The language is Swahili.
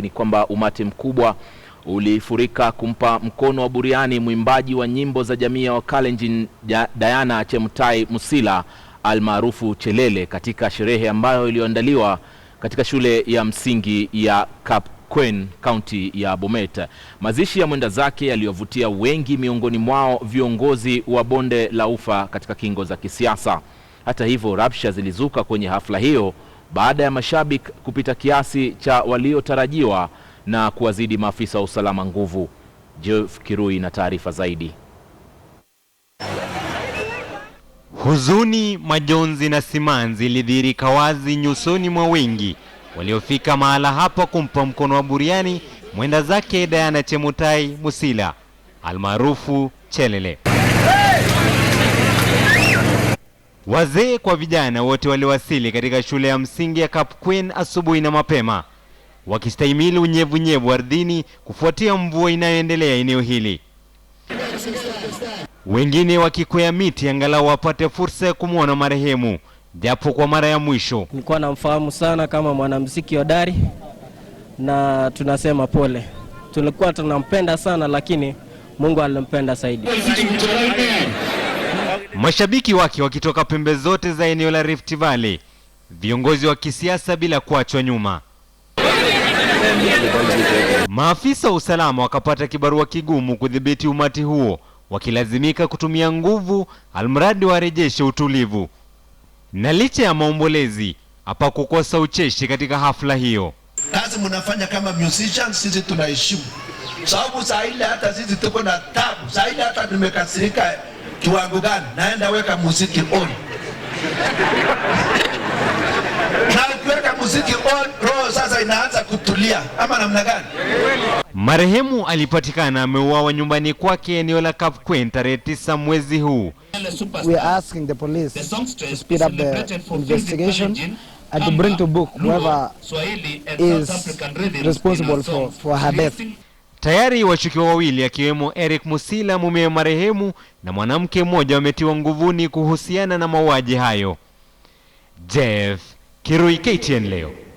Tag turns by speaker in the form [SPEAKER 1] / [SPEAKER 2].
[SPEAKER 1] ni kwamba umati mkubwa ulifurika kumpa mkono wa buriani mwimbaji wa nyimbo za jamii ya Wakalenjin Diana Chemutai Musila almaarufu Chelele katika sherehe ambayo iliyoandaliwa katika shule ya msingi ya Kapkwen, kaunti ya Bomet. Mazishi ya mwenda zake yaliyovutia wengi, miongoni mwao viongozi wa bonde la ufa katika kingo za kisiasa. Hata hivyo, rabsha zilizuka kwenye hafla hiyo baada ya mashabiki kupita kiasi cha waliotarajiwa na kuwazidi maafisa wa usalama nguvu. Jeff Kirui na taarifa zaidi.
[SPEAKER 2] Huzuni, majonzi na simanzi ilidhihirika wazi nyusoni mwa wengi waliofika mahala hapa kumpa mkono wa buriani mwenda zake Diana Chemutai Musila almaarufu Chelele. Wazee kwa vijana wote waliwasili katika shule ya msingi ya Kapkwen asubuhi na mapema, wakistahimili unyevunyevu ardhini kufuatia mvua inayoendelea eneo hili, wengine wakikwea miti angalau wapate fursa ya kumwona marehemu japo kwa mara ya mwisho.
[SPEAKER 3] Nilikuwa namfahamu sana kama mwanamuziki hodari na tunasema pole, tulikuwa tunampenda sana lakini Mungu alimpenda zaidi.
[SPEAKER 2] Mashabiki wake wakitoka pembe zote za eneo la Rift Valley, viongozi wa kisiasa bila kuachwa nyuma. Maafisa wa usalama wakapata kibarua kigumu kudhibiti umati huo, wakilazimika kutumia nguvu almradi warejeshe utulivu. Na licha ya maombolezi, hapakukosa ucheshi katika hafla hiyo.
[SPEAKER 4] Kazi mnafanya kama musicians, sisi tunaheshimu sababu, saa ile hata sisi tuko na tabu, saa ile hata tumekasirika kiwango gani? Naenda weka muziki on ama namna gani?
[SPEAKER 2] Marehemu alipatikana ameuawa nyumbani kwake eneo la Kapkwen tarehe tisa mwezi huu.
[SPEAKER 5] We are asking the police to speed up the investigation and to bring to book whoever is responsible for, for her death.
[SPEAKER 2] Tayari washukiwa wawili akiwemo Eric Musila mumewe marehemu na mwanamke mmoja wametiwa nguvuni kuhusiana na mauaji hayo. Jeff Kirui, KTN leo.